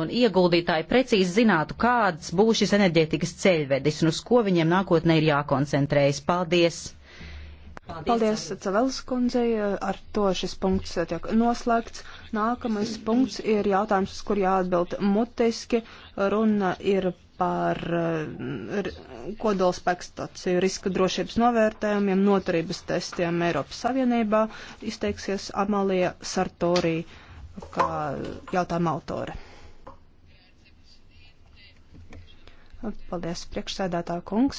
un ieguldītāji precīzi zinātu, kāds būs šis enerģētikas ceļvedis un uz ko viņiem nākotnē ir jākoncentrējas. Paldies! Paldies, Paldies Cavelas kundzei. Ar to šis punkts tiek noslēgts. Nākamais punkts ir jautājums, uz kur jāatbild mutiski. Runa ir par kodolspēku stāciju riska drošības novērtējumiem, noturības testiem Eiropas Savienībā. Izteiksies Amalija Sartorī kā jautājuma autore. Paldies, priekšsēdētā kungs.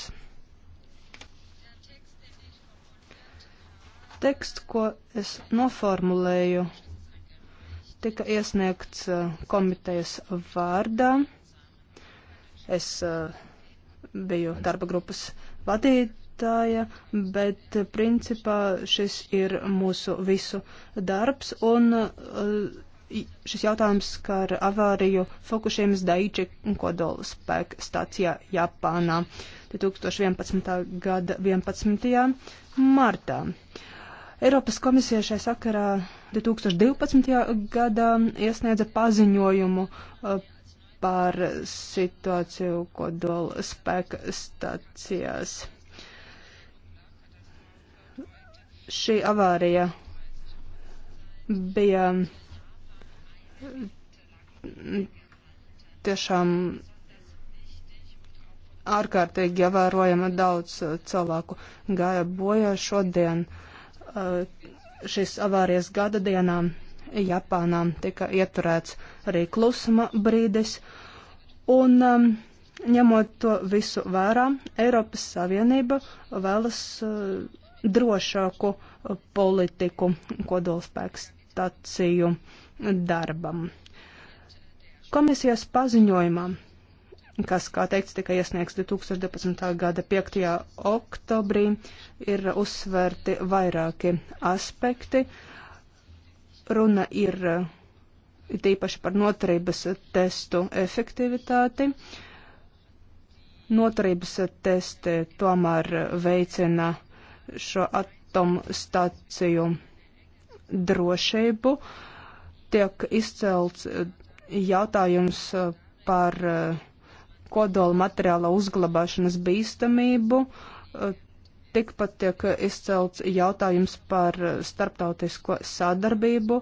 Teksts, ko es noformulēju, tika iesniegts uh, komitejas vārdā. Es uh, biju darba grupas vadītāja, bet uh, principā šis ir mūsu visu darbs un šis jautājums skar avāriju Fukushimas Daiichi kodola spēka stācijā Japānā 2011. gada 11. martā. Eiropas komisija šai sakarā 2012. gadā iesniedza paziņojumu par situāciju kodola spēka stācijās. Šī avārija bija tiešām ārkārtīgi ievērojama daudz uh, cilvēku gāja bojā šodien. Uh, šis avārijas gada dienā Japānā tika ieturēts arī klusuma brīdis. Un um, ņemot to visu vērā, Eiropas Savienība vēlas uh, drošāku uh, politiku kodolspēku stāciju darbam. Komisijas paziņojumā, kas, kā teikts, tika iesniegts 2012. gada 5. oktobrī, ir uzsverti vairāki aspekti. Runa ir tīpaši par noturības testu efektivitāti. Noturības testi tomēr veicina šo atomstaciju drošību. Uh, tiek izcelts eh, jautājums eh, par eh, kodola materiāla uzglabāšanas bīstamību. Tikpat tiek izcelts jautājums par starptautisko sadarbību,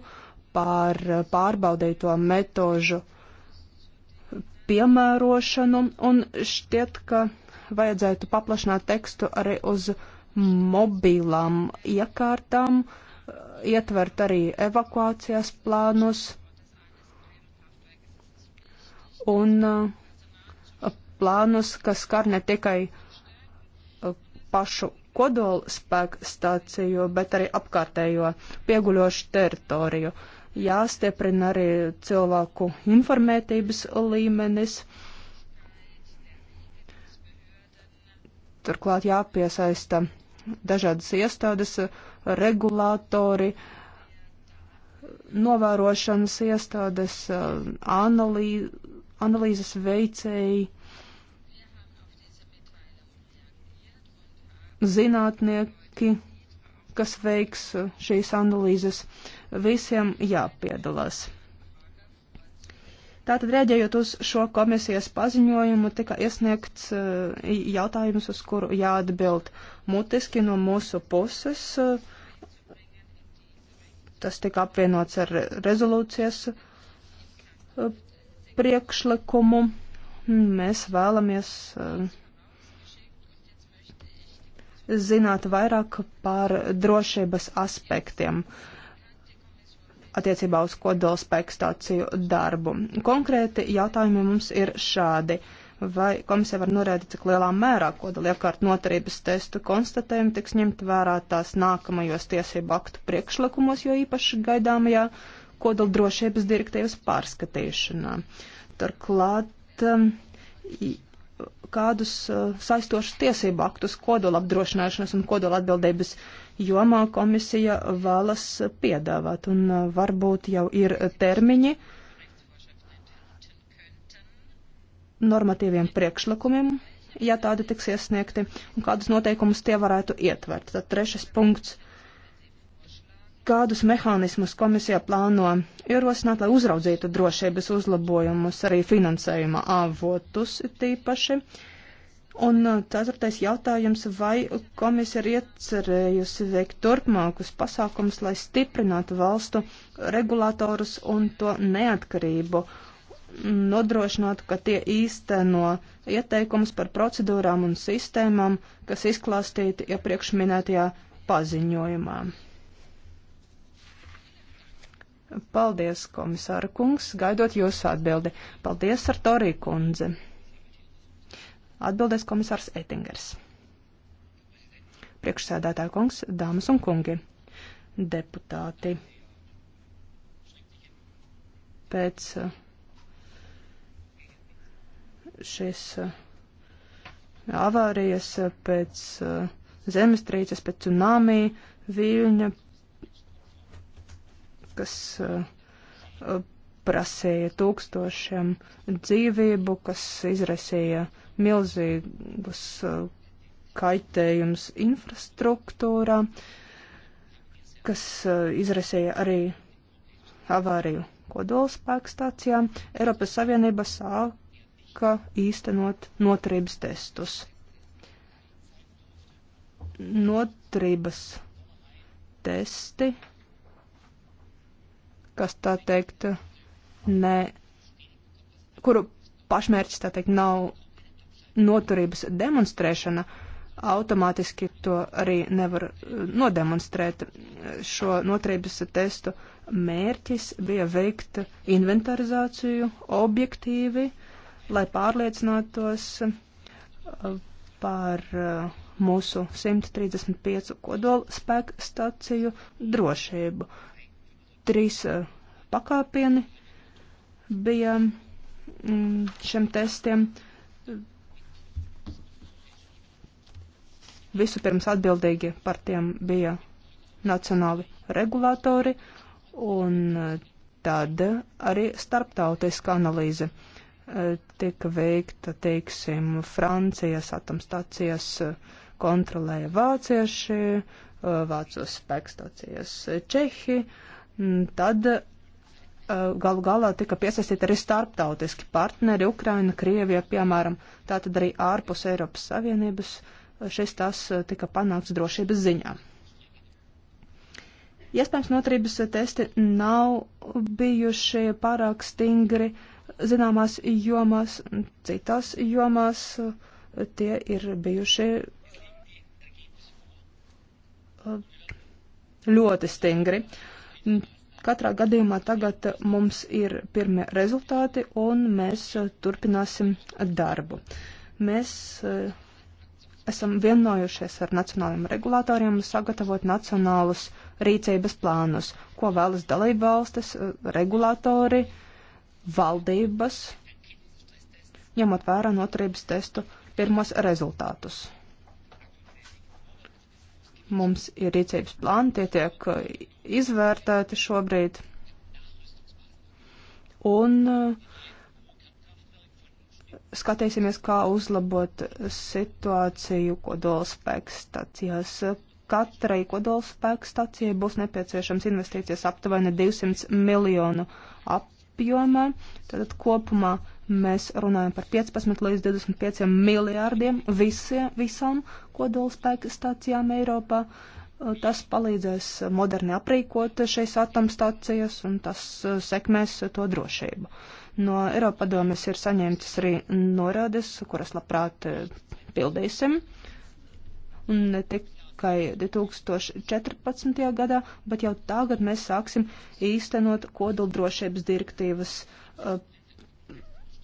par pārbaudīto metožu piemērošanu, un šķiet, ka vajadzētu paplašināt tekstu arī uz mobilām iekārtām, uh, ietvert arī evakuācijas plānus un uh, plānus, kas skar ne tikai uh, pašu kodola spēku stāciju, bet arī apkārtējo pieguļošu teritoriju. Jāstieprina arī cilvēku informētības līmenis. Turklāt jāpiesaista dažādas iestādes, regulātori, novērošanas iestādes, eh, analī, analīzes veicēji, zinātnieki, kas veiks eh, šīs analīzes, visiem jāpiedalās. Tātad, rēģējot uz šo komisijas paziņojumu, tika iesniegts eh, jautājums, uz kuru jāatbild mutiski no mūsu puses. Uh, Tas tika apvienots ar rezolūcijas uh, priekšlikumu. Mēs vēlamies uh, zināt vairāk par drošības aspektiem attiecībā uz kodolspēkstāciju darbu. Konkrēti jautājumi mums ir šādi. Uh, vai komisija var norādīt, cik lielā mērā kodoliekārt notarības testu konstatējumi tiks ņemt vērā tās nākamajos tiesību aktu priekšlikumos, jo īpaši gaidāmajā kodoldrošības direktīvas pārskatīšanā. Turklāt, um, kādus uh, saistošus tiesību aktus kodola apdrošināšanas un kodola atbildības jomā komisija vēlas piedāvāt, un uh, varbūt jau ir termiņi, uh, normatīviem priekšlikumiem, ja tādi tiks iesniegti, un kādus noteikumus tie varētu ietvert. Tad trešais punkts. Kādus mehānismus komisija plāno ierosināt, lai uzraudzītu drošības uzlabojumus, arī finansējuma avotus tīpaši? Un uh, ceturtais jautājums, vai komisija ir iecerējusi veikt turpmākus pasākumus, lai stiprinātu valstu regulātorus un to neatkarību nodrošinātu, ka tie īsteno ieteikumus par procedūrām un sistēmām, kas izklāstīti iepriekš minētajā paziņojumā. Paldies, komisāra kungs, gaidot jūsu atbildi. Paldies, Artorī kundze. Atbildēs komisārs Ettingers. Priekšsēdētāja kungs, dāmas un kungi, deputāti. Pēc uh, šīs uh, avārijas, uh, pēc uh, zemestrīces, pēc tsunami viļņa, kas prasīja tūkstošiem dzīvību, kas izraisīja milzīgus kaitējums infrastruktūrā, kas izraisīja arī avāriju kodolspēkstācijā. Eiropas Savienība sāk sāka īstenot noturības testus. Noturības testi, kas tā teikt, ne, kuru pašmērķis tā teikt nav noturības demonstrēšana, automātiski to arī nevar nodemonstrēt. Šo noturības testu mērķis bija veikt inventarizāciju objektīvi, uh, lai pārliecinātos uh, par uh, mūsu 135 kodola spēku staciju drošību. Trīs uh, pakāpieni bija mm, šiem testiem. Vispirms atbildīgi par tiem bija nacionāli regulātori un tad arī starptautiska analīze. Uh, tika veikta, teiksim, Francijas atomstācijas kontrolēja vācieši, vācu spēkstācijas čehi, tad galu galā tika piesaistīti arī starptautiski partneri - Ukraina, Krievija, piemēram, tātad arī ārpus Eiropas Savienības šis tas tika panākts drošības ziņā. Iespējams, noturības testi nav bijuši pārāk stingri, uh, zināmās jomās, citās jomās tie ir bijuši eh, ļoti stingri. Katrā gadījumā tagad mums ir pirmie rezultāti un mēs eh, turpināsim darbu. Mēs eh, esam vienojušies ar nacionālajiem regulātoriem sagatavot nacionālus rīcības plānus, ko vēlas dalībvalstis, regulātori, uh, valdības, ņemot vērā noturības testu pirmos rezultātus. Mums ir rīcības plāni, tie tiek izvērtēti šobrīd. Un uh, skatīsimies, kā uzlabot situāciju kodolspēks stacijās. Katrai kodolspēks stacijai būs nepieciešams investīcijas aptuveni 200 miljonu ap apjomā. Tātad kopumā mēs runājam par 15 līdz 25 miljārdiem visie, visām kodolspēka stācijām Eiropā. Uh, tas palīdzēs moderni aprīkot šīs atomstācijas un tas uh, sekmēs to drošību. No Eiropadomes ir saņemtas arī norādes, kuras labprāt uh, pildīsim. Un ne tik tikai 2014. gadā, bet jau tagad mēs sāksim īstenot kodoldrošības direktīvas uh,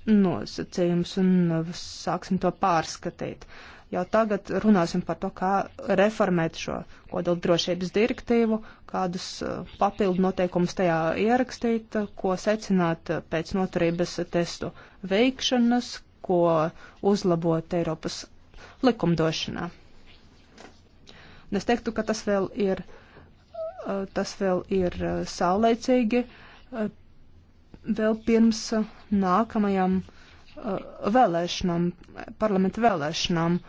nosacījums un uh, sāksim to pārskatīt. Jau tagad runāsim par to, kā reformēt šo kodoldrošības direktīvu, kādus uh, papildu noteikumus tajā ierakstīt, uh, ko secināt uh, pēc noturības testu veikšanas, ko uzlabot Eiropas likumdošanā. Un es teiktu, ka tas vēl ir, tas vēl ir saulēcīgi vēl pirms nākamajām vēlēšanām, parlamenta vēlēšanām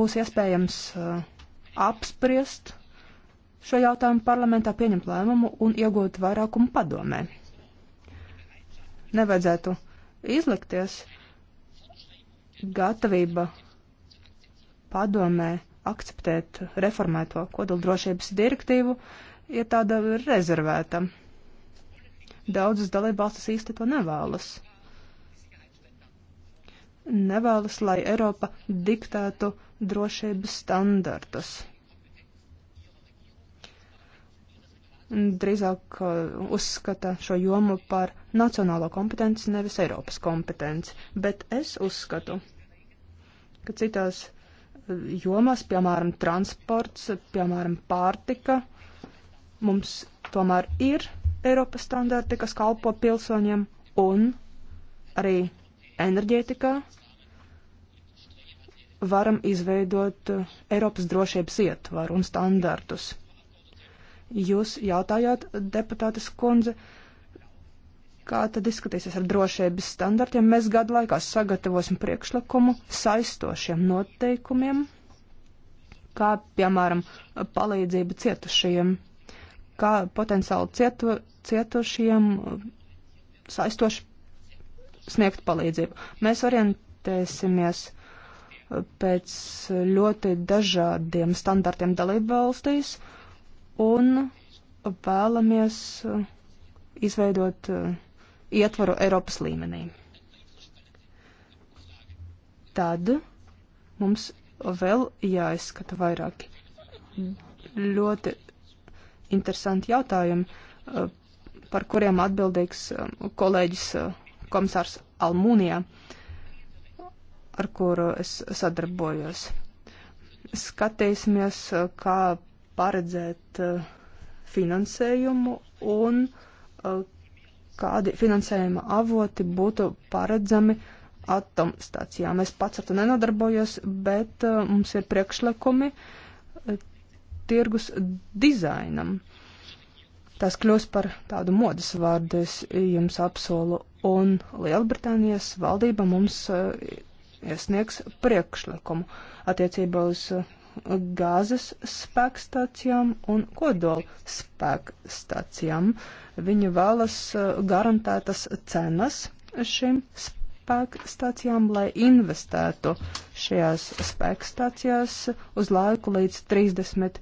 būs iespējams apspriest šo jautājumu parlamentā, pieņemt lēmumu un iegūt vairākumu padomē. Nevajadzētu izlikties gatavība padomē akceptēt reformēto kodoldrošības direktīvu, ir tāda rezervēta. Daudzas dalībvalstis īsti to nevēlas. Nevēlas, lai Eiropa diktētu drošības standartus. Drīzāk uh, uzskata šo jomu par nacionālo kompetenci, nevis Eiropas kompetenci. Bet es uzskatu, ka citās jomās, piemēram, transports, piemēram, pārtika. Mums tomēr ir Eiropas standarti, kas kalpo pilsoņiem, un arī enerģētikā varam izveidot Eiropas drošības ietvaru un standartus. Jūs jautājāt, deputātes kundze, uh, kā tad izskatīsies ar drošības standartiem. Mēs gadu laikā sagatavosim priekšlikumu saistošiem noteikumiem, kā piemēram palīdzība cietušajiem, kā potenciāli cietu, cietušajiem uh, saistoši sniegt palīdzību. Mēs orientēsimies uh, pēc ļoti dažādiem standartiem dalību valstīs un vēlamies uh, izveidot uh, ietvaru Eiropas līmenī. Tad mums vēl jāizskata vairāki ļoti interesanti jautājumi, eh, par kuriem atbildīgs eh, kolēģis eh, komisārs Almūnijā, ar kuru es sadarbojos. Skatīsimies, kā paredzēt finansējumu un kādi finansējuma avoti būtu paredzami atomstācijām. Es pats ar to nenodarbojos, bet uh, mums ir priekšlikumi uh, tirgus dizainam. Tas kļūs par tādu modas vārdu, es jums apsolu, un Lielbritānijas valdība mums uh, iesniegs priekšlikumu attiecībā uz uh, gāzes spēkstacijām un kodola spēkstacijām. Viņi vēlas uh, garantētas cenas šīm spēkstacijām, lai investētu šajās spēkstacijās uz laiku līdz 30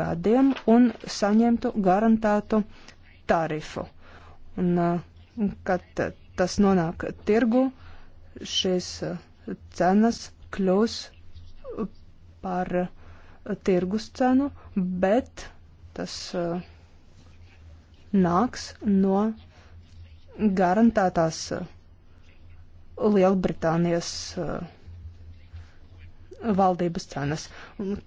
gadiem un saņemtu garantētu tarifu. Un, uh, kad tas nonāk tirgu, šīs uh, cenas kļūs par eh, tirgus cenu, bet tas eh, nāks no garantētās eh, Lielbritānijas valdības cenas.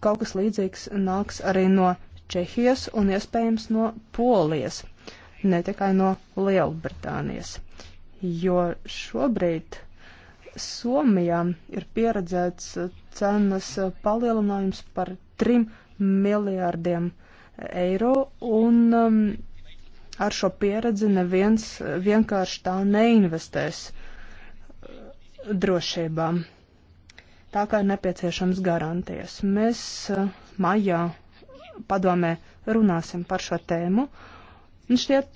Kaut kas līdzīgs nāks arī no Čehijas un iespējams no Polijas, ne tikai no Lielbritānijas, jo šobrīd Somijā ir pieredzēts cenas palielinājums par 3 miljārdiem eiro, un um, ar šo pieredzi neviens vienkārši tā neinvestēs drošībā. Tā kā ir nepieciešams garantijas. Mēs uh, maijā padomē runāsim par šo tēmu, un šķiet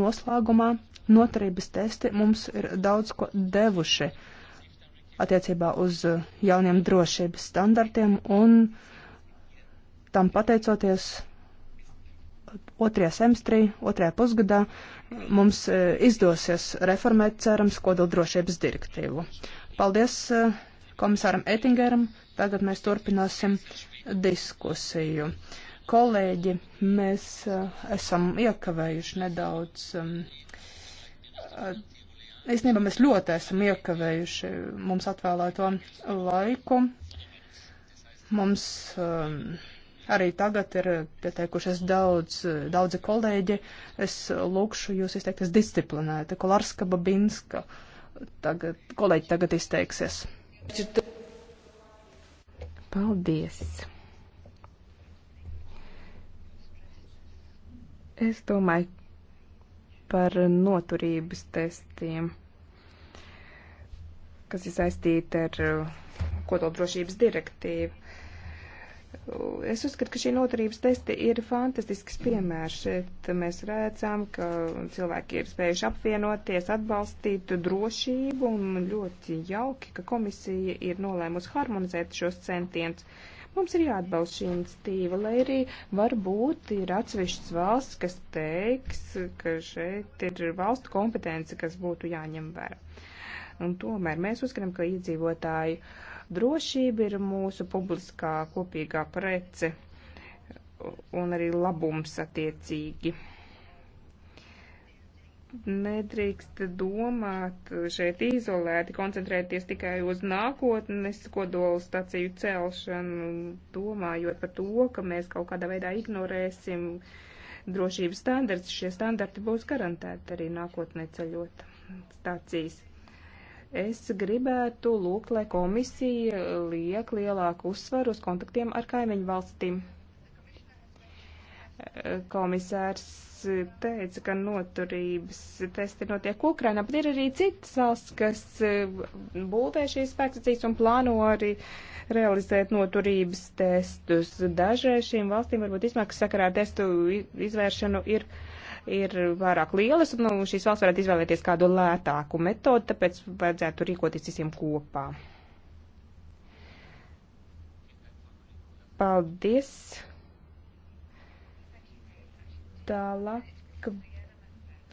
noslēgumā noturības testi mums ir daudz ko devuši. Uh, attiecībā uz eh, jauniem drošības standartiem, un tam pateicoties otrajā semestrī, otrajā pusgadā mums eh, izdosies reformēt, cerams, kodoldrošības direktīvu. Paldies eh, komisāram Ettingeram. Tagad mēs turpināsim diskusiju. Kolēģi, mēs esam iekavējuši nedaudz. Um, Īstenībā mēs ļoti esam iekavējuši mums atvēlēto laiku. Mums um, arī tagad ir pieteikušies daudz, daudzi kolēģi. Es lūkšu jūs izteikties disciplinēti. Kolarska Babinska tagad, kolēģi tagad izteiksies. Paldies! Es domāju, par noturības testiem, kas ir saistīti ar uh, kodoldrošības direktīvu. Es uzskatu, ka šī noturības testi ir fantastisks piemērs. Šeit mēs redzam, ka cilvēki ir spējuši apvienoties, atbalstīt drošību un ļoti jauki, ka komisija ir nolēmusi harmonizēt šos centienus Mums ir jāatbalsta šī iniciatīva, lai arī varbūt ir atsevišķas valsts, kas teiks, ka šeit ir valstu kompetence, kas būtu jāņem vērā. Un tomēr mēs uzskatām, ka iedzīvotāju drošība ir mūsu publiskā kopīgā prece un arī labums attiecīgi nedrīkst domāt šeit izolēti, koncentrēties tikai uz nākotnes kodolu staciju celšanu, domājot par to, ka mēs kaut kādā veidā ignorēsim drošības standarts. Šie standarti būs garantēti arī nākotnē ceļot stacijas. Es gribētu lūgt, lai komisija liek lielāku uzsvaru uz kontaktiem ar kaimiņu valstīm komisārs teica, ka noturības testi notiek Ukrainā, bet ir arī citas valsts, kas eh, būvē šīs spēkstacijas un plāno arī realizēt noturības testus. Dažreiz šīm valstīm varbūt izmaksas sakarā ar testu izvēršanu ir, ir pārāk lielas, un nu, šīs valsts varētu izvēlēties kādu lētāku metodu, tāpēc vajadzētu rīkoties visiem kopā. Paldies! Tālāk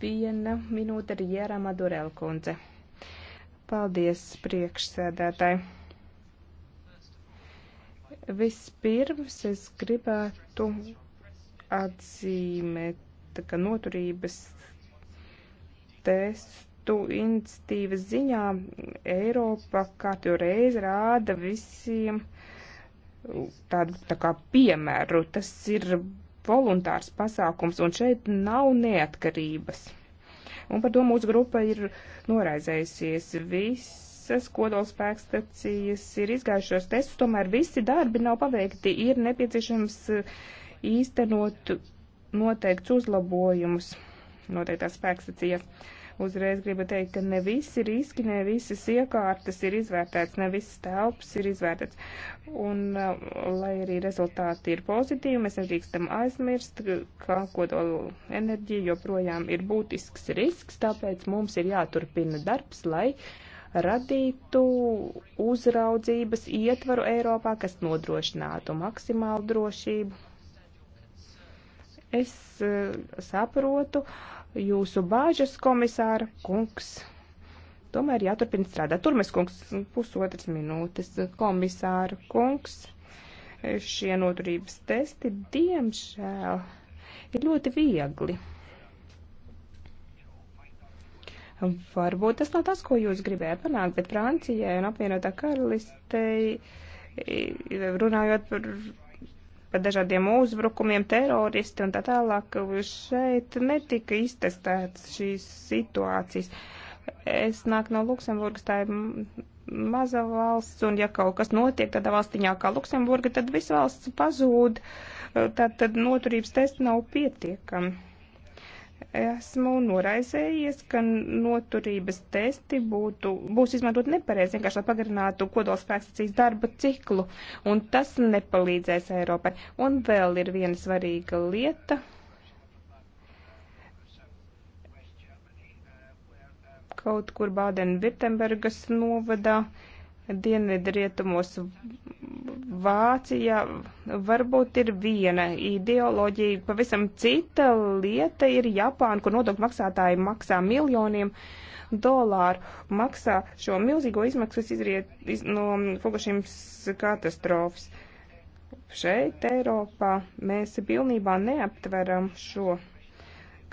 viena minūte ir Jērā Madurela kundze. Paldies, priekšsēdētāji. Vispirms es gribētu atzīmēt, ka noturības tests citu iniciatīvas ziņā Eiropa katru reizi rāda visiem tādu tā kā piemēru. Tas ir voluntārs pasākums, un šeit nav neatkarības. Un par to mūsu grupa ir noraizējusies. Visas kodolspēks stacijas ir izgājušos testus, tomēr visi darbi nav paveikti. Ir nepieciešams eh, īstenot noteikts uzlabojumus noteiktās spēkstacijas. Uzreiz gribu teikt, ka ne visi riski, ne visas iekārtas ir izvērtēts, ne visas telpas ir izvērtēts. Un, uh, lai arī rezultāti ir pozitīvi, mēs nedrīkstam aizmirst, ka kodola enerģija joprojām ir būtisks risks, tāpēc mums ir jāturpina darbs, lai radītu uzraudzības ietvaru Eiropā, kas nodrošinātu maksimālu drošību. Es uh, saprotu, uh, jūsu bāžas, komisāra kungs. Tomēr jāturpina strādāt. Turmes kungs, pusotras minūtes, komisāra kungs. Šie noturības testi, diemžēl, ir ļoti viegli. Varbūt tas nav tas, ko jūs gribējāt panākt, bet Francijai un apvienotā karalistei runājot par par dažādiem uzbrukumiem, teroristi un tā tālāk. Šeit netika iztestēts šīs situācijas. Es nāku no Luksemburgas, tā ir maza valsts, un ja kaut kas notiek tādā valstiņā kā Luksemburga, tad viss valsts pazūd, tad, tad noturības testi nav pietiekami esmu noraizējies, ka noturības testi būtu, būs izmantot nepareizi, vienkārši lai pagarinātu kodolspēkstacijas darba ciklu, un tas nepalīdzēs Eiropai. Un vēl ir viena svarīga lieta. Kaut kur Bādena-Virtembergas novadā. Uh, dienvidrietumos Vācijā varbūt ir viena ideoloģija, pavisam cita lieta ir Japāna, kur nodokļu maksātāji maksā miljoniem dolāru, maksā šo milzīgo izmaksu, kas izriet iz, no Fukushimas katastrofas. Šeit Eiropā mēs pilnībā neaptveram šo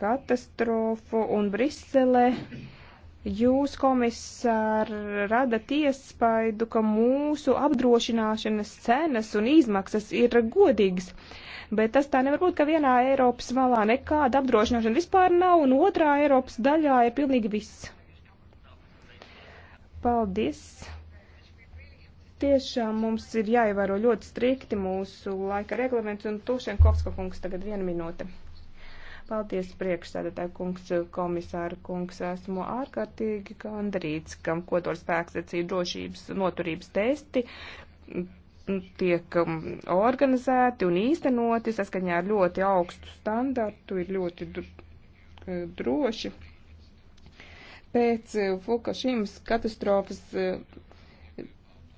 katastrofu un Briselē Jūs, komisār, radat iespaidu, ka mūsu apdrošināšanas cenas un izmaksas ir godīgas, bet tas tā nevar būt, ka vienā Eiropas malā nekāda apdrošināšana vispār nav, un otrā Eiropas daļā ir pilnīgi viss. Paldies! Tiešām mums ir jāievēro ļoti strikti mūsu laika reglaments, un Tūšenkovska kungs tagad viena minūte. Paldies, priekšsēdētāji kungs, komisāra kungs. Esmu ārkārtīgi gandrīts, kam kodolspēks acīja drošības noturības testi tiek um, organizēti un īstenoti saskaņā ar ļoti augstu standartu, ir ļoti eh, droši. Pēc eh, Fukushimas katastrofas eh,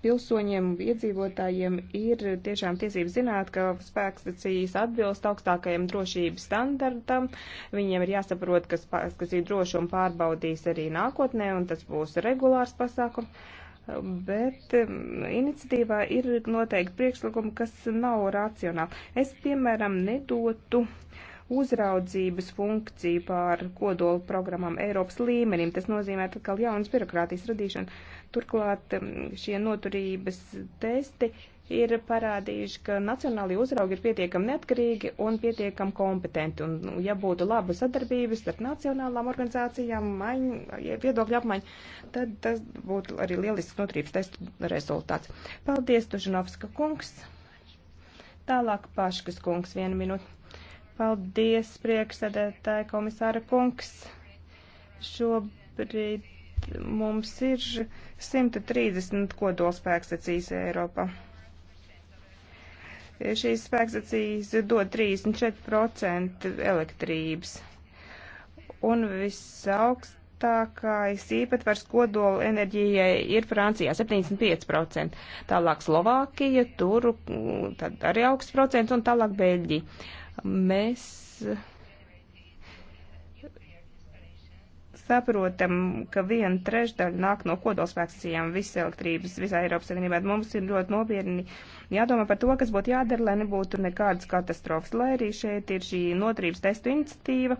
pilsoņiem, iedzīvotājiem ir tiešām tiesības zināt, ka spēkstacijas atbilst augstākajam drošības standartam. Viņiem ir jāsaprot, ka spēkstacija drošumu pārbaudīs arī nākotnē, un tas būs regulārs pasākums. Bet um, iniciatīvā ir noteikti priekšlikumi, kas nav racionāli. Es, piemēram, nedotu uzraudzības funkciju pār kodolu programmām Eiropas līmenim. Tas nozīmē atkal jaunas birokrātijas radīšanu Turklāt um, šie noturības testi ir parādījuši, ka nacionālajie uzraugi ir pietiekami neatkarīgi un pietiekami kompetenti. Un, nu, ja būtu laba sadarbības starp nacionālām organizācijām, maiņ, viedokļu apmaiņa, tad tas būtu arī lielisks noturības testu rezultāts. Paldies, Tužinovska kungs. Tālāk Paškas kungs, vienu minūti. Paldies, priekšsēdētāja komisāra kungs. Šobrīd mums ir 130 kodolspēkstacijas Eiropā. Šīs spēkstacijas dod 34% elektrības. Un visaugstākais īpatvars kodola enerģijai ir Francijā 75%. Tālāk Slovākija, tur arī augsts procents un tālāk Beļģija. Mēs saprotam, ka viena trešdaļa nāk no kodolspēkstacijām visas elektrības visā Eiropas Savienībā. Mums ir ļoti nopietni jādomā par to, kas būtu jādara, lai nebūtu nekādas katastrofas. Lai arī šeit ir šī noturības testu iniciatīva,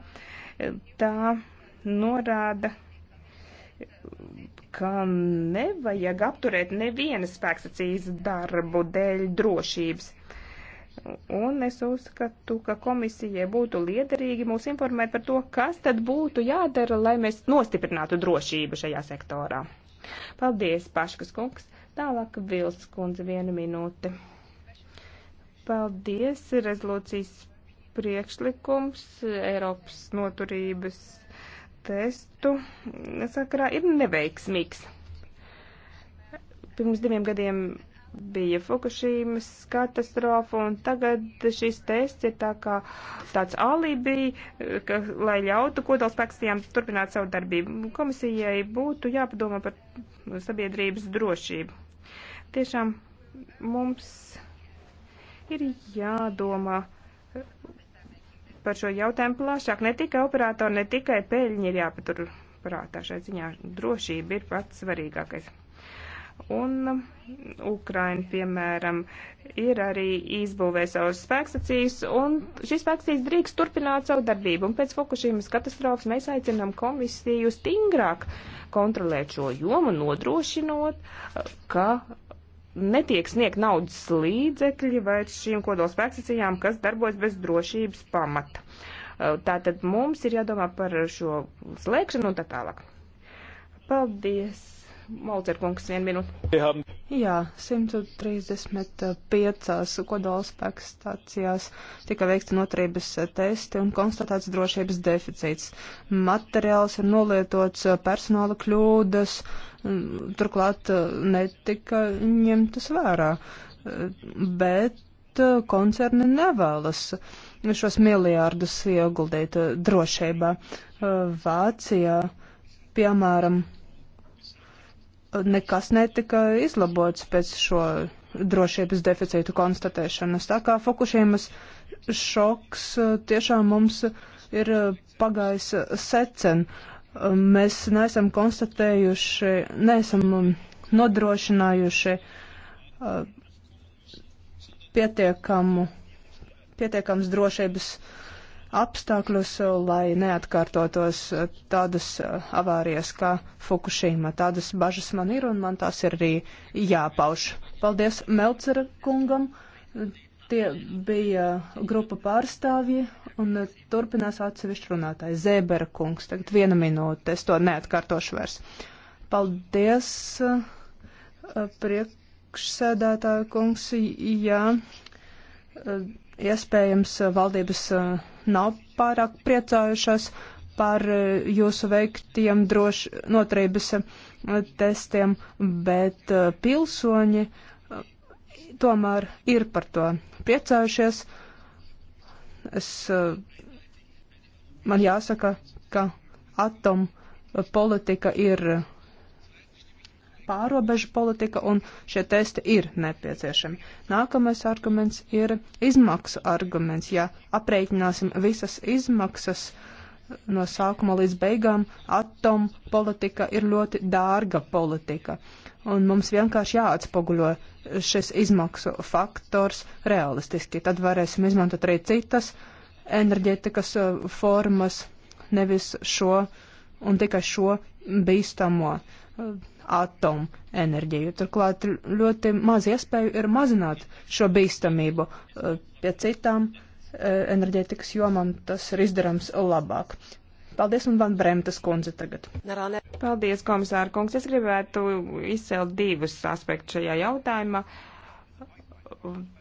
tā norāda, ka nevajag apturēt nevienas spēkstacijas darbu dēļ drošības Un es uzskatu, ka komisijai būtu liederīgi mūs informēt par to, kas tad būtu jādara, lai mēs nostiprinātu drošību šajā sektorā. Paldies, Paškas kungs. Tālāk Vils kundze vienu minūti. Paldies, rezolūcijas priekšlikums Eiropas noturības testu sakarā ir neveiksmīgs. Pirms diviem gadiem bija Fukušīmas katastrofa, un tagad šis tests ir tā kā tāds alibi, ka, lai ļautu kodolspēkstījām turpināt savu darbību. Komisijai būtu jāpadomā par sabiedrības drošību. Tiešām mums ir jādomā par šo jautājumu plašāk. Ne tikai operatori, ne tikai peļņi ir jāpatur prātā šai ziņā. Drošība ir pats svarīgākais un Ukraina, piemēram, ir arī izbūvējusi savas spēkstacijas, un šīs spēkstacijas drīkst turpināt savu darbību, un pēc Fukušīmas katastrofas mēs aicinām komisiju stingrāk kontrolēt šo jomu, nodrošinot, ka netiek sniegt naudas līdzekļi vai šīm kodola spēkstacijām, kas darbojas bez drošības pamata. Tātad mums ir jādomā par šo slēgšanu un tā tālāk. Paldies! Molcerkungs, vienu minūti. Jā, 135 kodolspēks stācijās tika veikti noturības testi un konstatēts drošības deficīts. Materiāls ir nolietots, personāla kļūdas, turklāt netika ņemtas vērā. Bet koncerni nevēlas šos miljārdus ieguldīt drošībā. Vācijā, piemēram, nekas netika izlabots pēc šo drošības deficītu konstatēšanas. Tā kā Fukušīmas šoks e, tiešām mums ir e, pagājis secen. E, mēs neesam konstatējuši, neesam nodrošinājuši pietiekamu, pietiekams drošības uh, apstākļus, lai neatkārtotos eh, tādas eh, avārijas kā Fukushima. Tādas bažas man ir un man tās ir arī jāpauž. Paldies Melcera kungam. Tie bija grupa pārstāvji un turpinās atsevišķi runātāji. Zēbera kungs, tagad viena minūte, es to neatkārtošu vairs. Paldies, eh, priekšsēdētāja kungs, jā, iespējams valdības nav pārāk priecājušās par eh, jūsu veiktiem droši noturības eh, testiem, bet eh, pilsoņi tomēr ir par to priecājušies. Es, man jāsaka, ka atom politika ir pārobežu politika, un šie testi ir nepieciešami. Nākamais arguments ir izmaksu arguments. Ja aprēķināsim visas izmaksas no sākuma līdz beigām, atom politika ir ļoti dārga politika. Un mums vienkārši jāatspoguļo šis izmaksu faktors realistiski. Tad varēsim izmantot arī citas enerģētikas uh, formas, nevis šo un tikai šo bīstamo atomu enerģiju. Turklāt ļoti maz iespēju ir mazināt šo bīstamību. Eh, pie citām eh, enerģētikas jomām tas ir izdarams labāk. Paldies, un Van Bremtas kundze tagad. Paldies, komisāra kungs. Es gribētu izcelt divus aspektus šajā jautājumā.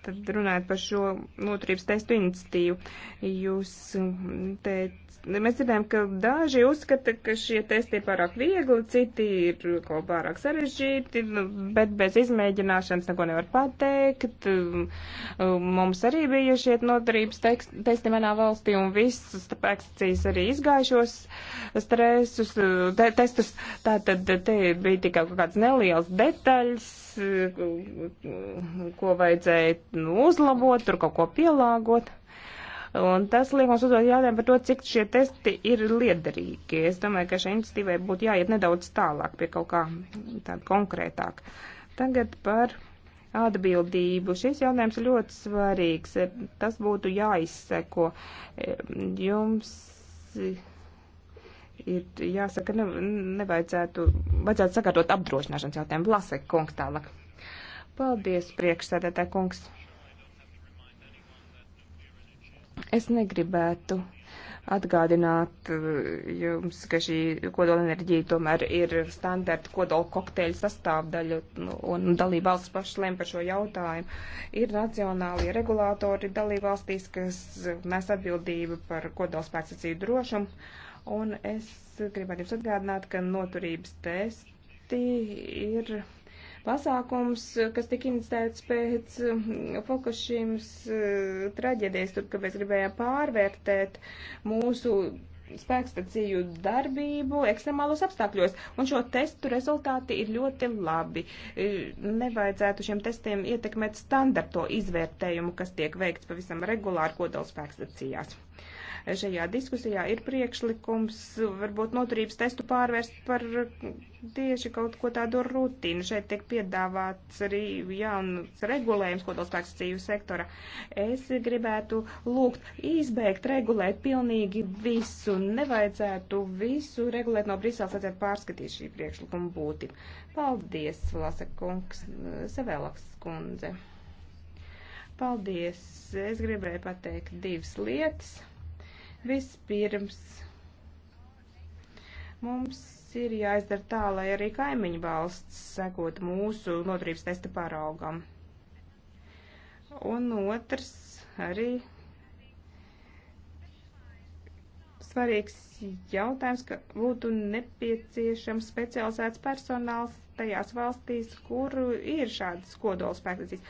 Tad runājot par šo noturības testu iniciatīvu, jūs teicat, Mēs dzirdējām, ka daži uzskata, ka šie testi ir pārāk viegli, citi ir kaut pārāk sarežģīti, nu, bet bez izmēģināšanas neko nevar pateikt. Um, um, mums arī bija šie notarības testi manā valstī, un visas pēkstacijas arī izgājušos stresus, te, testus. Tātad te bija tikai kaut kāds neliels detaļs, ko vajadzēja nu, uzlabot, tur kaut ko pielāgot. Un tas liek mums uzdot jautājumu par to, cik šie testi ir liederīgi. Es domāju, ka šai iniciatīvai būtu jāiet nedaudz tālāk pie kaut kā tāda konkrētāk. Tagad par atbildību. Šis jautājums ļoti svarīgs. Tas būtu jāizseko. Jums ir jāsaka, ne, nu, nevajadzētu, vajadzētu sakārtot apdrošināšanas jautājumu. Lasek, kungs, tālāk. Paldies, priekšsēdētāj, kungs. Es negribētu atgādināt uh, jums, ka šī kodolenerģija tomēr ir standarta kodola kokteļa sastāvdaļa nu, un dalībvalsts pašas lem par šo jautājumu. Ir nacionālie regulātori dalībvalstīs, kas nes atbildību par kodola spēksacību drošumu. Un es gribētu jums atgādināt, ka noturības testi ir pasākums, kas tika iniciēts pēc eh, Fukushimas eh, traģēdijas, tur, ka mēs gribējām pārvērtēt mūsu spēkstaciju darbību ekstremālos apstākļos, un šo testu rezultāti ir ļoti labi. Eh, nevajadzētu šiem testiem ietekmēt standarto izvērtējumu, kas tiek veikts pavisam regulāri kodola spēkstacijās. Šajā diskusijā ir priekšlikums varbūt noturības testu pārvērst par tieši kaut ko tādu rutīnu. Šeit tiek piedāvāts arī jauns regulējums kodolspēks cīvu sektora. Es gribētu lūgt izbeigt regulēt pilnīgi visu. Nevajadzētu visu regulēt no Briseles, vajadzētu pārskatīt šī priekšlikuma būtību. Paldies, Lasa kungs, Sevelaks kundze. Paldies. Es gribēju pateikt divas lietas. Vispirms mums ir jāizdara tā, lai arī kaimiņu valsts sekot mūsu noturības testa pāraugam. Un otrs arī svarīgs jautājums, ka būtu nepieciešams specializēts personāls tajās valstīs, kur ir šādas kodolspēkstacijas.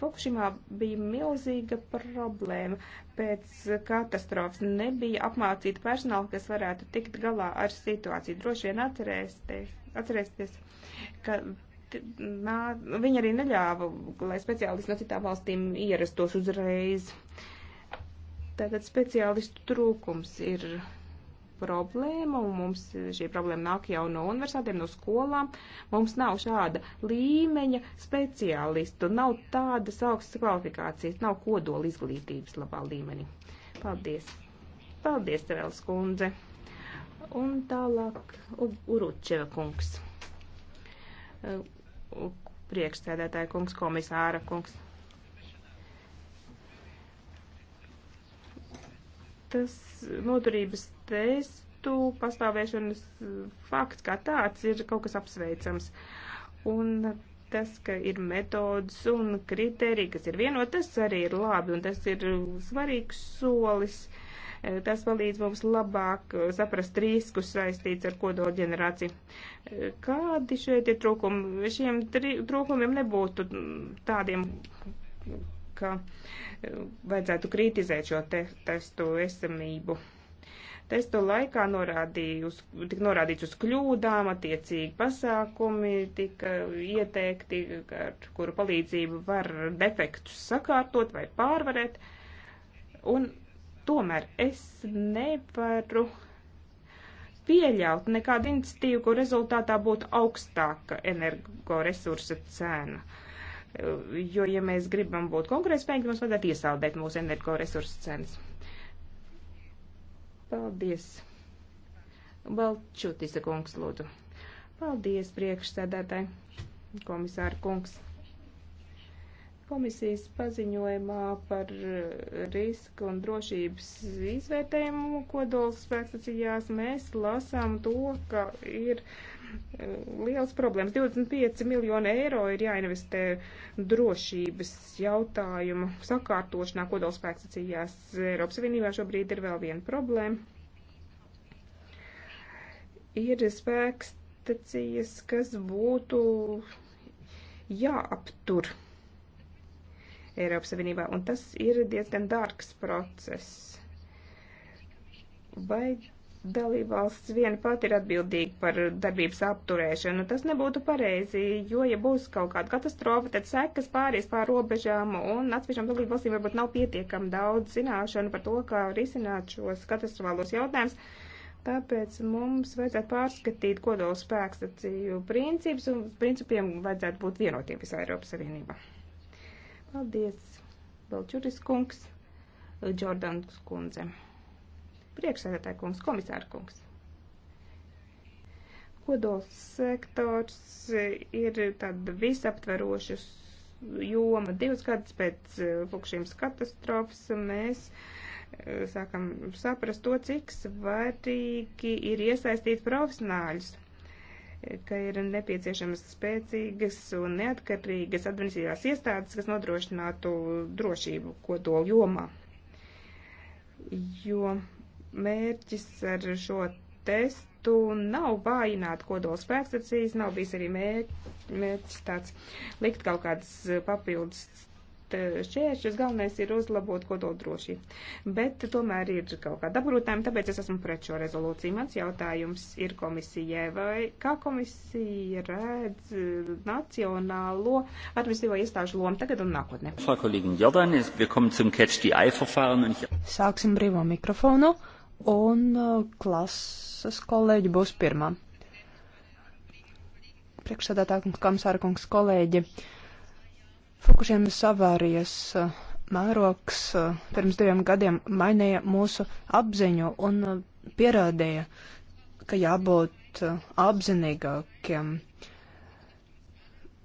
Fukušimā bija milzīga problēma. Pēc katastrofas nebija apmācīta personāla, kas varētu tikt galā ar situāciju. Droši vien atcerēsties, atcerēsties ka nā, viņi arī neļāva, lai speciālisti no citām valstīm ierastos uzreiz. Tātad speciālistu trūkums ir problēma, un mums šī problēma nāk jau no universitātiem, no skolām. Mums nav šāda līmeņa speciālistu, nav tādas augstas kvalifikācijas, nav kodola izglītības labā līmenī. Paldies! Paldies, Terēls kundze! Un tālāk Uručeva kungs. Priekšsēdētāja kungs, komisāra kungs. tas noturības testu pastāvēšanas eh, fakts kā tāds ir kaut kas apsveicams. Un tas, ka ir metodas un kriteriji, kas ir vienot, tas arī ir labi un tas ir svarīgs solis. Eh, tas palīdz mums labāk eh, saprast riskus saistīts ar kodola ģenerāciju. Kādi šeit ir trūkumi? Šiem tri, trūkumiem nebūtu mm, tādiem, ka vajadzētu kritizēt šo te, testu esamību. Testu laikā norādījus, tika norādīts uz kļūdām, attiecīgi pasākumi tika ieteikti, ar kuru palīdzību var defektus sakārtot vai pārvarēt. Un tomēr es nevaru pieļaut nekādu iniciatīvu, kur rezultātā būtu augstāka energoresursa cena. Jo, ja mēs gribam būt konkurētspējīgi, mums vajadzētu iesaldēt mūsu energoresursu cenas. Paldies. Balčutisa kungs, lūdzu. Paldies, priekšsēdētāji, komisāra kungs. Komisijas paziņojumā par risku un drošības izvērtējumu kodolspēkstacijās mēs lasām to, ka ir liels problēmas. 25 miljoni eiro ir jāinvestē drošības jautājumu sakārtošanā kodolspēks acījās Eiropas Savienībā. Šobrīd ir vēl viena problēma. Ir spēks stacijas, kas būtu jāaptur Eiropas Savienībā, un tas ir diezgan dārgs process. Vajag dalībvalsts viena pati ir atbildīga par darbības apturēšanu. Tas nebūtu pareizi, jo, ja būs kaut kāda katastrofa, tad sekas pāries pār robežām un atsevišķām dalībvalstīm varbūt nav pietiekami daudz zināšanu par to, kā risināt šos katastrofālos jautājumus. Tāpēc mums vajadzētu pārskatīt kodola spēkstaciju principus un principiem vajadzētu būt vienotiem visā Eiropas Savienībā. Paldies, Balčuris kungs, Džordans kundze. Priekšsēdētāja kungs, komisāra kungs. Kodols sektors ir tāda visaptveroša joma. Divus gadus pēc Fukušīmas eh, katastrofas mēs eh, sākam saprast to, cik svarīgi ir iesaistīt profesionāļus ka ir nepieciešamas spēcīgas un neatkarīgas administratīvās iestādes, kas nodrošinātu drošību kodolu jomā. Jo mērķis ar šo testu nav vājināt kodols spēkstacijas, nav bijis arī mērķis tāds likt kaut kādas papildus šķēršļus, galvenais ir uzlabot kodola drošību. Bet tomēr ir kaut kāda apgrūtājuma, tāpēc es esmu pret šo rezolūciju. Mans jautājums ir komisijai, vai kā komisija redz nacionālo administrīvo iestāžu lomu tagad un nākotnē? Sāksim brīvo mikrofonu un uh, klases kolēģi būs pirmā. Priekšsēdētājums Kamsārkungs kolēģi. Fukušiemas avārijas uh, mērogs uh, pirms diviem gadiem mainīja mūsu apziņu un pierādīja, ka jābūt apzinīgākiem.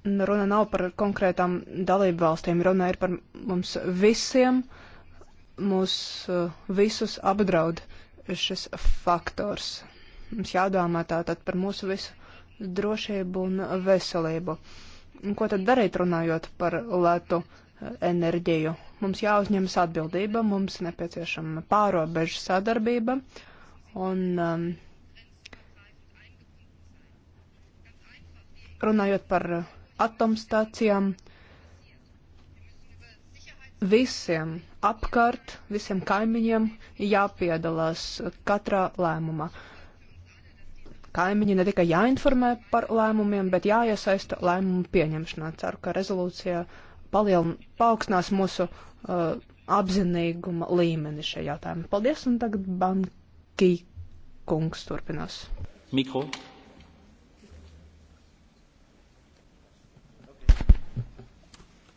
Runa nav par konkrētām dalību valstīm, runa ir par mums visiem, mūs visus apdraud šis faktors. Mums jādomā tātad par mūsu visu drošību un veselību. Ko tad darīt runājot par lētu enerģiju? Mums jāuzņemas atbildība, mums nepieciešama pārobežu sadarbība un um, runājot par atomstācijām, visiem apkārt, visiem kaimiņiem jāpiedalās katrā lēmumā. Kaimiņi ne tikai jāinformē par lēmumiem, bet jāiesaista lēmumu pieņemšanā. Ceru, ka rezolūcija palielin, paaugstinās mūsu uh, apzinīguma līmeni šajā jautājumā. Paldies, un tagad Banki kungs turpinās. Mikro.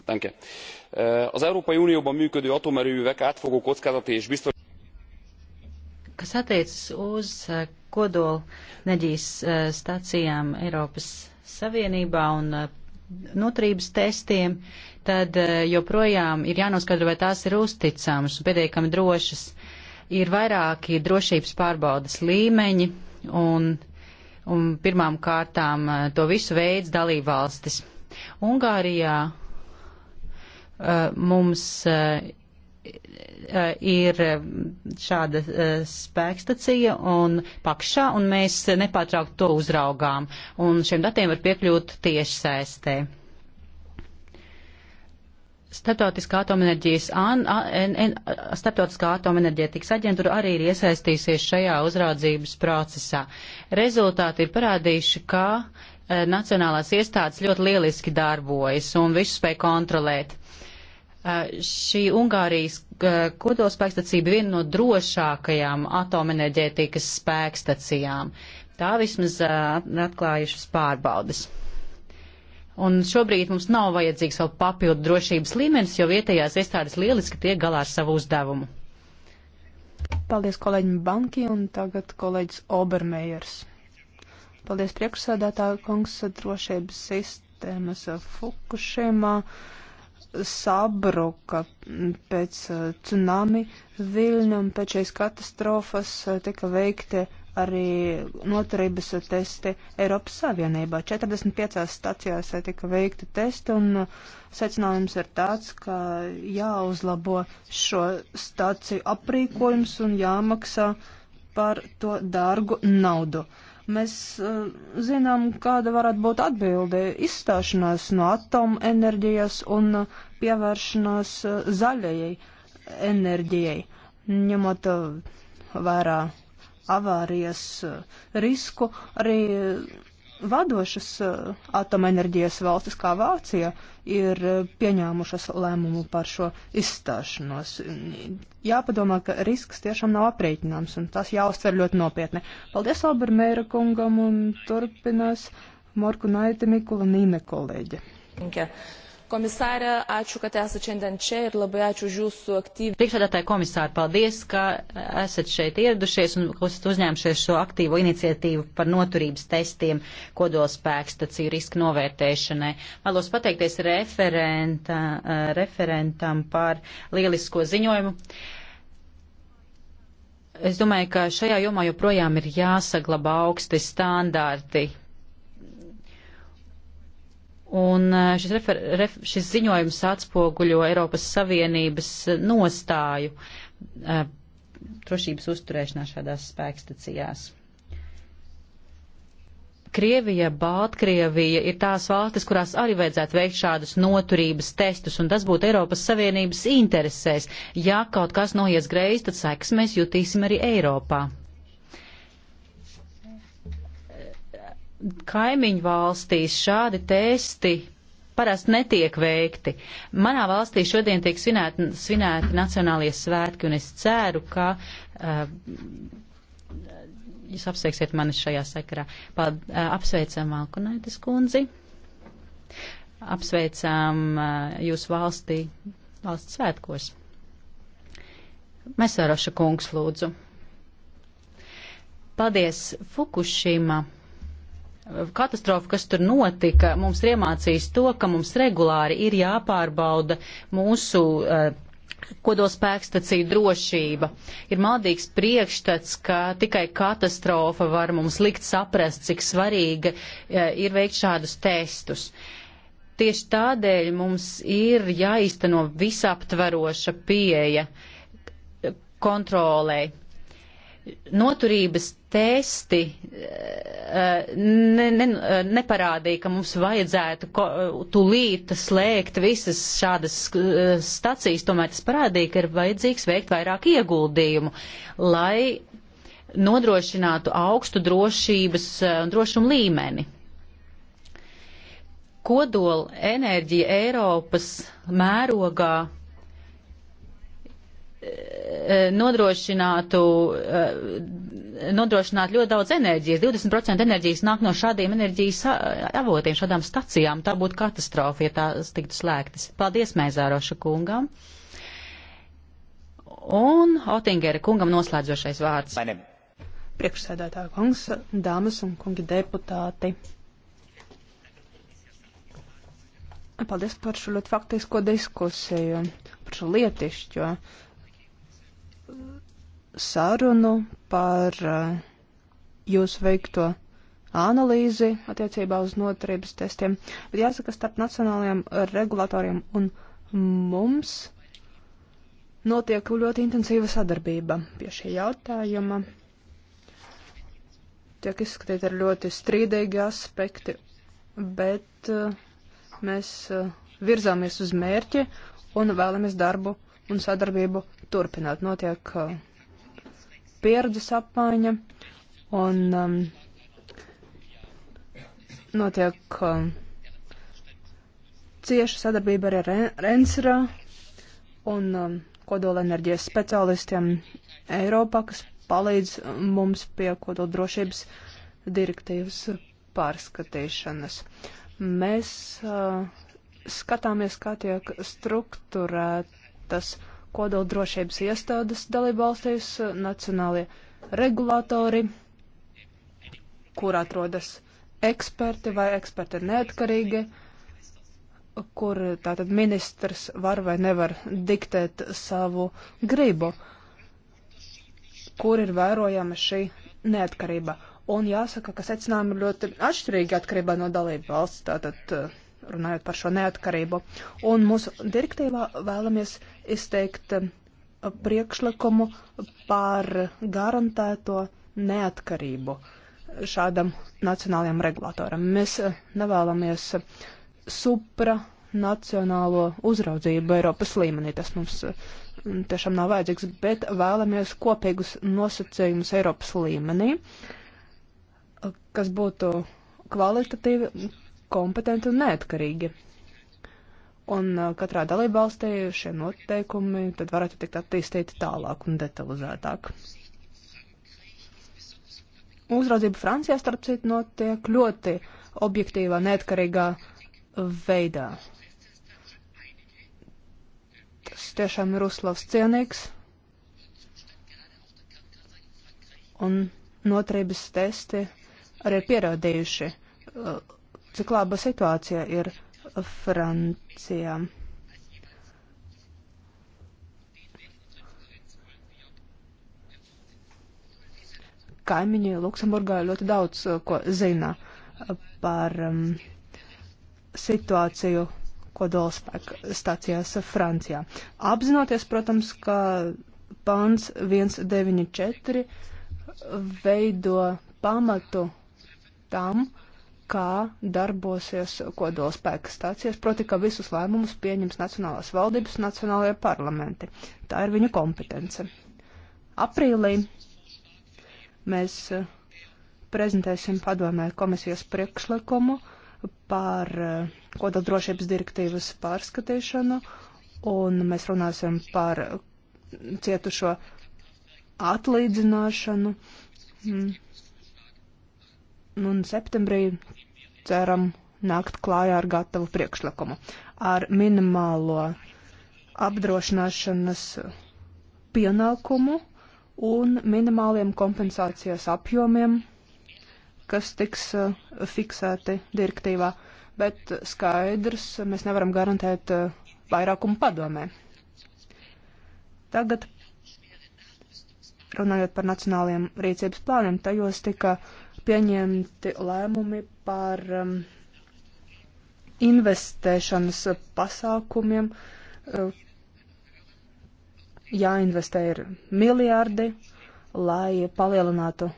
Äh, az európai unióban működő atomerőművek átfogó kockázati és biztonsági. Kas attiecas uz eh, kodol neģijas eh, stācijām Eiropas Savienībā un eh, noturības testiem, tad joprojām ir jānoskaidro, vai tās ir uzticamas un pietiekami drošas. Ir vairāki drošības pārbaudas līmeņi un, un pirmām kārtām to visu veids dalībvalstis. Ungārijā Eh, mums eh, eh, ir šāda spēkstacija un pakšā, un mēs nepārtraukti to uzraugām. Un šiem datiem var piekļūt tieši saistē. Startautiskā atomenerģijas an, a, en, en, Startautiskā atomenerģētikas aģentūra arī ir iesaistījusies šajā uzraudzības procesā. Rezultāti ir parādījuši, ka e, nacionālās iestādes ļoti lieliski darbojas un visu spēj kontrolēt. Eh, šī Ungārijas eh, kodolspēkstacija bija viena no drošākajām atomenerģētikas spēkstacijām. Tā vismaz eh, atklājušas pārbaudas. Un šobrīd mums nav vajadzīgs vēl papildu drošības līmenis, jo vietējās iestādes lieliski tiek galā ar savu uzdevumu. Paldies kolēģim Banki un tagad kolēģis Obermejers. Paldies priekšsēdētā kungs drošības sistēmas Fukušēmā. Uh, sabruka pēc eh, tsunami viļņa un pēc šīs katastrofas eh, tika veikti arī noturības testi Eiropas Savienībā. 45 stacijās eh, tika veikti testi un secinājums ir tāds, ka jāuzlabo šo staciju aprīkojums un jāmaksā par to dārgu naudu. Uh, Mēs uh, zinām, kāda varētu būt atbilde - izstāšanās no atomenerģijas un uh, pievēršanās uh, zaļajai enerģijai, ņemot uh, vērā avārijas uh, risku, arī uh, vadošas eh, atomenerģijas valstis kā Vācija ir eh, pieņēmušas lēmumu par šo izstāšanos. Jāpadomā, ka risks tiešām nav aprēķināms, un tas jāuztver ļoti nopietni. Paldies Albert Mēra kungam, un turpinās Morku Naiti Mikula Nīme kolēģi. Thank you. Komisārė, ačiū, kad esat šiandien čia ir labai ačiū už jūsų aktyvų. Priekšsēdētāji komisāri, paldies, ka esat šeit ieradušies un esat uzņēmušies šo aktīvo iniciatīvu par noturības testiem kodolspēkstaciju riska novērtēšanai. Vēlos pateikties referenta, referentam par lielisko ziņojumu. Es domāju, ka šajā jomā joprojām ir jāsaglabā augsti standārti Un e, šis, refer, ref, šis ziņojums atspoguļo Eiropas Savienības nostāju uh, drošības uzturēšanā šādās spēkstacijās. Krievija, Baltkrievija ir tās valstis, kurās arī vajadzētu veikt šādus noturības testus, un tas būtu Eiropas Savienības interesēs. Ja kaut kas noies greizi, tad sekas mēs jutīsim arī Eiropā. kaimiņu valstīs šādi testi parasti netiek veikti. Manā valstī šodien tiek svinēti, svinēti nacionālie svētki, un es ceru, ka uh, jūs apsveiksiet mani šajā sakarā. Pald, uh, eh, apsveicam Alkunaitis kundzi, apsveicam uh, jūsu valstī, valsts svētkos. Mesāroša kungs lūdzu. Paldies, Fukushima katastrofa, kas tur notika, mums ir iemācījis to, ka mums regulāri ir jāpārbauda mūsu uh, eh, kodolspēkstacīju drošība. Ir maldīgs priekšstats, ka tikai katastrofa var mums likt saprast, cik svarīga uh, ir veikt šādus testus. Tieši tādēļ mums ir jāizteno visaptveroša pieeja kontrolē noturības testi eh, ne, ne, neparādīja, ka mums vajadzētu tūlīt slēgt visas šādas eh, stacijas, tomēr tas parādīja, ka ir vajadzīgs veikt vairāk ieguldījumu, lai nodrošinātu augstu drošības un eh, drošumu līmeni. Kodola enerģija Eiropas mērogā E, nodrošinātu, e, nodrošināt ļoti daudz enerģijas. 20% enerģijas nāk no šādiem enerģijas avotiem, šādām stacijām. Tā būtu katastrofa, ja tās tiktu slēgtas. Paldies Mēzāroša kungam. Un Otingera kungam noslēdzošais vārds. Priekšsēdētā kungs, dāmas un kungi deputāti. Paldies par šo ļoti faktisko diskusiju, par šo lietišķo. Uh, sarunu par uh, jūsu veikto analīzi attiecībā uz noturības testiem, bet jāsaka, starp nacionālajiem regulatoriem un mums notiek ļoti intensīva sadarbība pie šī jautājuma. Tiek izskatīti ar ļoti strīdīgi aspekti, bet uh, mēs uh, virzāmies uz mērķi un vēlamies darbu un sadarbību turpināt. Notiek pieredzes apmaiņa un um, notiek um, cieša sadarbība arī ar Rensra un um, kodolenerģijas speciālistiem Eiropā, kas palīdz mums pie kodoldrošības direktīvas pārskatīšanas. Mēs uh, skatāmies, kā tiek strukturētas. Uh, kodoldrošības iestādes dalībvalstīs, nacionālie regulātori, kur atrodas eksperti vai eksperti ir neatkarīgi, kur tātad ministrs var vai nevar diktēt savu gribu, kur ir vērojama šī neatkarība. Un jāsaka, ka secinājumi ir ļoti atšķirīgi atkarībā no dalību valsts. Tātad runājot par šo neatkarību. Un mūsu direktīvā vēlamies izteikt um, priekšlikumu par garantēto neatkarību šādam nacionālajam regulātoram. Mēs uh, nevēlamies supranacionālo uzraudzību Eiropas līmenī. Tas mums uh, tiešām nav vajadzīgs, bet vēlamies kopīgus nosacījumus Eiropas līmenī, uh, kas būtu kvalitatīvi, kompetenti un neatkarīgi. Un uh, katrā dalībvalstī šie noteikumi tad varētu tikt attīstīti tālāk un detalizētāk. Uzraudzība Francijā, starp citu, notiek ļoti objektīvā, neatkarīgā veidā. Tas tiešām ir uzslavs cienīgs. Un notrības testi arī ir pierādījuši uh, cik laba situācija ir Francijā. Kaimiņi Luksemburgā ļoti daudz eh, ko zina par um, situāciju kodolspēku stācijās Francijā. Apzinoties, protams, ka pāns 194 veido pamatu tam, uh, kā darbosies kodolspēka stācijas, proti, ka visus lēmumus pieņems Nacionālās valdības un Nacionālajie parlamenti. Tā ir viņu kompetence. Aprīlī mēs eh, prezentēsim padomē komisijas priekšlikumu par eh, kodoldrošības direktīvas pārskatīšanu, un mēs runāsim par cietušo atlīdzināšanu. Mm un septembrī ceram nākt klājā ar gatavu priekšlikumu, ar minimālo apdrošināšanas pienākumu un minimāliem kompensācijas apjomiem, kas tiks uh, fiksēti direktīvā, bet skaidrs, mēs nevaram garantēt uh, vairākumu padomē. Tagad, runājot par nacionāliem rīcības plāniem, tajos tika uh, pieņemti lēmumi par um, investēšanas pasākumiem. Uh, jāinvestē ir miljardi, lai palielinātu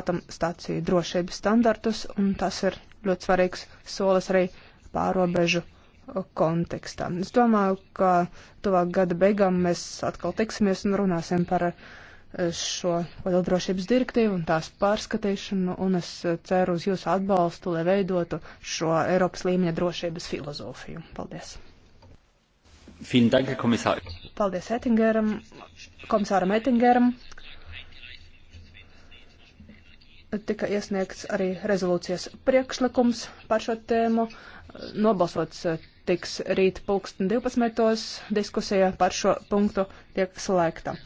atomstāciju drošības standartus, un tas ir ļoti svarīgs solis arī pārobežu uh, kontekstā. Es domāju, ka tuvāk gada beigām mēs atkal tiksimies un runāsim par uh, Eh, šo lielu drošības direktīvu un tās pārskatīšanu, un es eh, ceru uz jūsu atbalstu, lai veidotu šo Eiropas līmeņa drošības filozofiju. Paldies! Dank, Paldies Ettingeram, komisāram Ettingeram. Tika iesniegts arī rezolūcijas priekšlikums par šo tēmu. Nobalsots eh, tiks rīt pulksten 12. diskusija par šo punktu tiek slēgta.